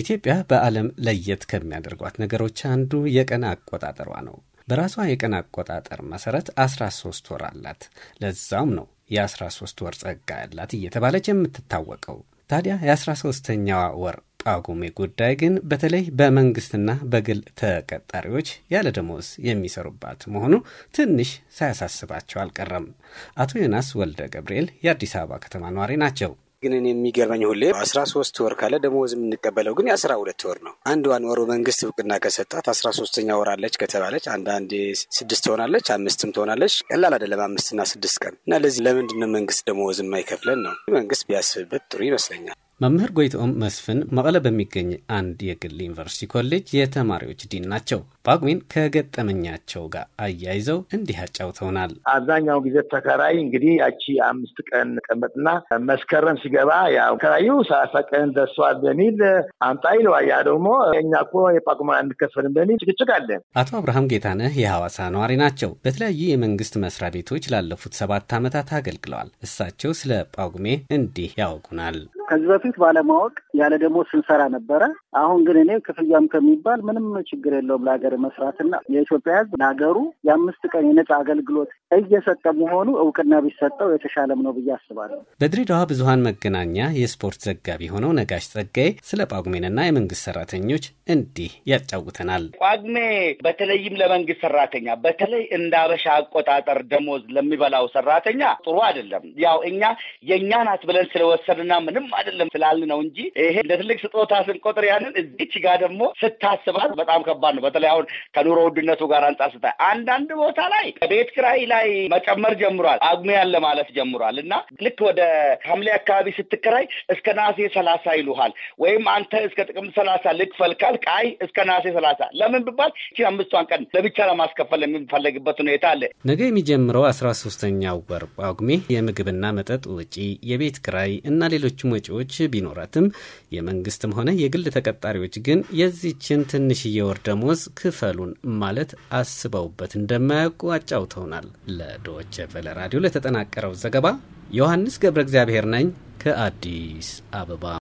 ኢትዮጵያ በዓለም ለየት ከሚያደርጓት ነገሮች አንዱ የቀን አቆጣጠሯ ነው። በራሷ የቀን አቆጣጠር መሰረት 13 ወር አላት። ለዛውም ነው የ13 ወር ጸጋ ያላት እየተባለች የምትታወቀው። ታዲያ የ13ኛዋ ወር ጳጉሜ ጉዳይ ግን በተለይ በመንግስትና በግል ተቀጣሪዎች ያለ ደሞዝ የሚሰሩባት መሆኑ ትንሽ ሳያሳስባቸው አልቀረም። አቶ ዮናስ ወልደ ገብርኤል የአዲስ አበባ ከተማ ነዋሪ ናቸው። ግን እኔ የሚገርመኝ ሁሌ አስራ ሶስት ወር ካለ ደሞዝ የምንቀበለው ግን የአስራ ሁለት ወር ነው። አንዷን ወሩ መንግስት እውቅና ከሰጣት አስራ ሶስተኛ ወር አለች ከተባለች አንዳንዴ ስድስት ትሆናለች፣ አምስትም ትሆናለች። ቀላል አይደለም አምስትና ስድስት ቀን እና ለዚህ ለምንድነው መንግስት ደሞዝ የማይከፍለን ነው? መንግስት ቢያስብበት ጥሩ ይመስለኛል። መምህር ጎይቶም መስፍን መቀለ በሚገኝ አንድ የግል ዩኒቨርሲቲ ኮሌጅ የተማሪዎች ዲን ናቸው። ጳጉሜን ከገጠመኛቸው ጋር አያይዘው እንዲህ አጫውተውናል። አብዛኛው ጊዜ ተከራይ እንግዲህ ያቺ አምስት ቀን ቀመጥና መስከረም ሲገባ ያው ከራዩ ሰላሳ ቀን ደርሷል በሚል አምጣ ይለዋል። ያ ደግሞ እኛ እኮ የጳጉሜ አንከፈልም በሚል ጭቅጭቅ አለ። አቶ አብርሃም ጌታነህ የሐዋሳ ነዋሪ ናቸው። በተለያዩ የመንግስት መስሪያ ቤቶች ላለፉት ሰባት ዓመታት አገልግለዋል። እሳቸው ስለ ጳጉሜ እንዲህ ያውቁናል። ከዚህ በፊት ባለማወቅ ያለ ደግሞ ስንሰራ ነበረ። አሁን ግን እኔ ክፍያም ከሚባል ምንም ችግር የለውም ለሀገር መስራትና የኢትዮጵያ ሕዝብ ለሀገሩ የአምስት ቀን የነጻ አገልግሎት እየሰጠ መሆኑ እውቅና ቢሰጠው የተሻለም ነው ብዬ አስባለሁ። በድሬዳዋ ብዙሀን መገናኛ የስፖርት ዘጋቢ የሆነው ነጋሽ ጸጋዬ ስለ ጳጉሜንና የመንግስት ሰራተኞች እንዲህ ያጫውተናል። ጳጉሜ በተለይም ለመንግስት ሰራተኛ በተለይ እንደ አበሻ አቆጣጠር ደሞዝ ለሚበላው ሰራተኛ ጥሩ አይደለም። ያው እኛ የእኛ ናት ብለን ስለወሰድና ምንም አይደለም ስላል ነው እንጂ ይሄ እንደ ትልቅ ስጦታ ስንቆጥር ያንን እዚች ጋር ደግሞ ስታስባት በጣም ከባድ ነው። በተለይ አሁን ከኑሮ ውድነቱ ጋር አንጻር ስታይ አንዳንድ ቦታ ላይ ቤት ክራይ ላይ መጨመር ጀምሯል። አጉሜ ያለ ማለት ጀምሯል እና ልክ ወደ ሐምሌ አካባቢ ስትከራይ እስከ ናሴ ሰላሳ ይሉሃል ወይም አንተ እስከ ጥቅምት ሰላሳ ልክፈል ካልክ አይ እስከ ናሴ ሰላሳ ለምን ብባል አምስቷን ቀን ለብቻ ለማስከፈል የሚፈለግበት ሁኔታ አለ። ነገ የሚጀምረው አስራ ሶስተኛው ወር ጳጉሜ የምግብና መጠጥ ወጪ፣ የቤት ክራይ እና ሌሎችም ወጪዎች ቢኖራትም የመንግስትም ሆነ የግል ተቀጣሪዎች ግን የዚችን ትንሽዬ ወር ደሞዝ ክፈሉን ማለት አስበውበት እንደማያውቁ አጫውተውናል። ለዶች ቨለ ራዲዮ ለተጠናቀረው ዘገባ ዮሐንስ ገብረ እግዚአብሔር ነኝ ከአዲስ አበባ